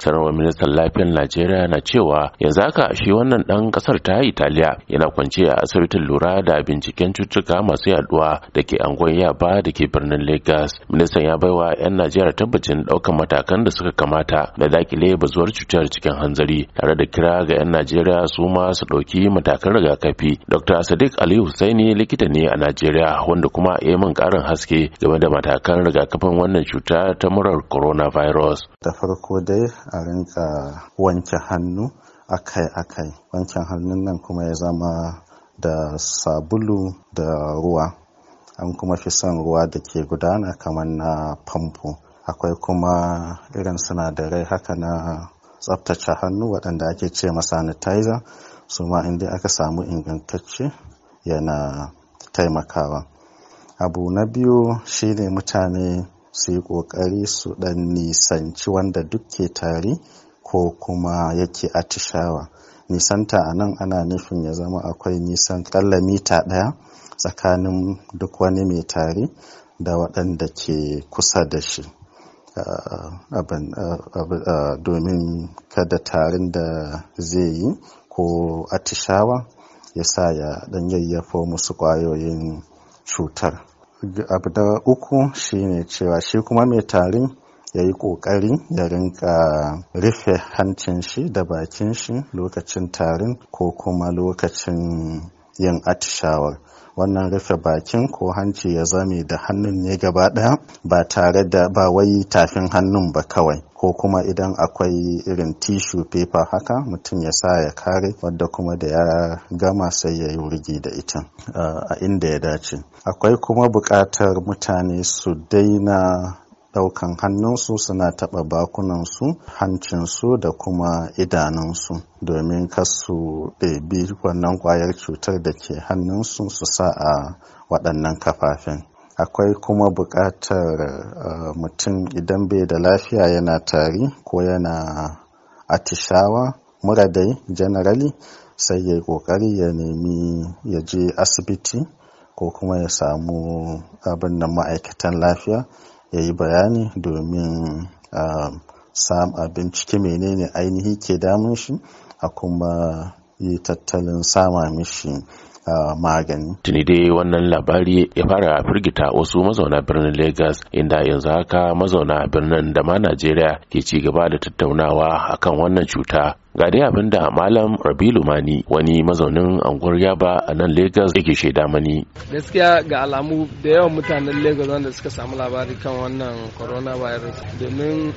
sanarwar ministan lafiyar najeriya na cewa yanzu haka shi wannan dan kasar ta italiya yana kwance a asibitin lura da binciken cututtuka masu yaduwa da ke angon yaba da ke birnin Legas. ministan ya baiwa 'yan najeriya tabbacin daukan matakan da suka kamata da dakile bazuwar cutar cikin hanzari tare da kira ga 'yan najeriya su ma su ɗauki matakan rigakafi dr sadiq ali husaini likita ne a najeriya wanda kuma ya min karin haske game da matakan rigakafin wannan cuta ta murar coronavirus da farko a rinka wanke hannu akai-akai wancan hannun nan kuma ya zama da sabulu da ruwa an kuma fi son ruwa da ke gudana kamar na famfo akwai kuma irin sinadarai haka na tsaftace hannu waɗanda ake ce ma sanitizer su ma inda aka samu ingantacce yana taimakawa abu na biyu shine mutane su yi ƙoƙari su ɗan nisanci wanda duk ke tari ko kuma yake atishawa nisanta a nan ana nufin ya zama akwai nisan ƙalla mita ɗaya tsakanin duk wani mai tari da waɗanda ke kusa da shi domin kada tarin da zai yi ko atishawa ya sa ya ɗan yayyafo musu ƙwayoyin cutar abu da uku shine cewa shi kuma mai tarin ya yi ƙoƙari ya rinka rufe hancin shi da bakin shi lokacin tarin ko kuma lokacin yin atishawar wannan rufe bakin ko hanci ya zame da hannun ne gaba ɗaya ba tare da ba wai tafin hannun ba kawai ko kuma idan akwai irin tishu paper haka mutum ya sa ya kare wadda kuma da ya gama sai ya yi wurgi da ita a inda ya dace akwai kuma buƙatar mutane su daina ɗaukan hannunsu suna taɓa bakunansu hancinsu da kuma idanunsu domin kasu ɗabi wannan ƙwayar cutar da ke hannunsu su sa a waɗannan kafafen akwai kuma buƙatar eh, mutum idan bai da lafiya yana tari ko yana atishawa mura dai generally sai ya yi ƙoƙari ya nemi ya je asibiti ko kuma ya samu abin da ma'aikatan lafiya ya yi bayani domin um, sam a bincike menene ainihi ke damun shi a kuma yi tattalin sama mishi magani. Tuni dai wannan labari ya fara firgita wasu mazauna birnin Legas inda yanzu haka mazauna birnin da ma Najeriya ke cigaba da tattaunawa akan wannan cuta ga dai abin da malam rabi lumani wani mazaunin anguwar yaba a nan lagos yake shaida mani gaskiya ga alamu da yawan mutanen lagos wanda suka samu labari kan wannan coronavirus domin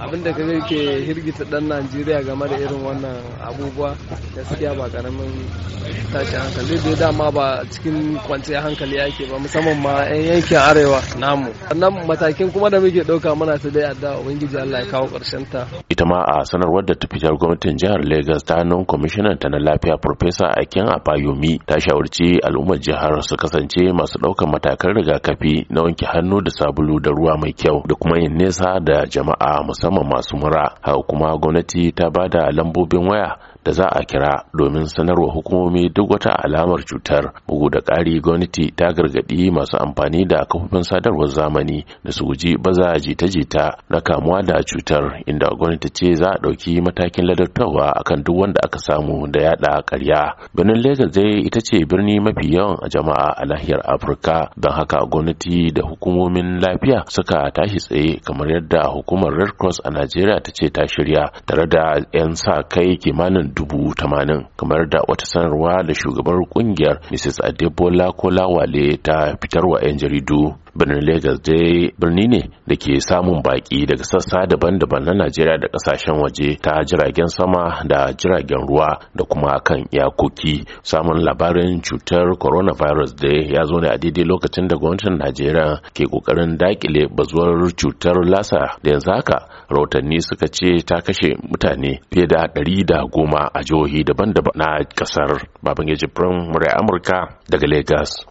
abin da kaga ke hirgita dan najeriya game da irin wannan abubuwa gaskiya ba karamin tashi hankali da dama ba cikin kwanciyar hankali yake ba musamman ma yan yankin arewa namu sannan matakin kuma da muke ɗauka muna ta dai addu'a ubangiji allah ya kawo ƙarshen ta ita ma a sanarwar da fitar gwamnatin jihar Legas ta hannun kwamishinan ta na lafiya Farfesa Akin Abayomi ta shawarci al'ummar jihar su kasance masu ɗaukar matakan rigakafi na wanke hannu da sabulu da ruwa mai kyau da kuma yin nesa da jama'a musamman masu mura. Haka kuma gwamnati ta ba da lambobin waya da za a kira domin sanarwa hukumomi duk wata alamar cutar bugu da ƙari gwamnati ta gargaɗi masu amfani da kafofin sadarwar zamani da su guji baza jita-jita na kamuwa da cutar inda gwamnati ce za a ɗauki matakin ladattawa akan duk wanda aka samu da yada ƙarya birnin lagos dai ita ce birni mafi yawan a jama'a a nahiyar afirka don haka gwamnati da hukumomin lafiya suka tashi tsaye kamar yadda hukumar red cross a najeriya ta ce ta shirya tare da 'yan sa kai kimanin dubu tamanin kamar da wata sanarwa da shugabar kungiyar mrs adebola kolawale ta fitarwa 'yan jaridu birnin Lagos dai birni ne da ke samun baki daga sassa daban-daban na Najeriya da kasashen waje ta jiragen sama da jiragen ruwa da kuma kan iyakoki. Samun labarin cutar coronavirus dai ya zo ne a daidai lokacin da gwamnatin Najeriya ke kokarin dakile bazuwar cutar lasa da yanzu haka rahotanni suka ce ta kashe mutane fiye da ɗari da goma a jihohi daban-daban na ƙasar babangeji Firin Murai Amurka daga Lagos.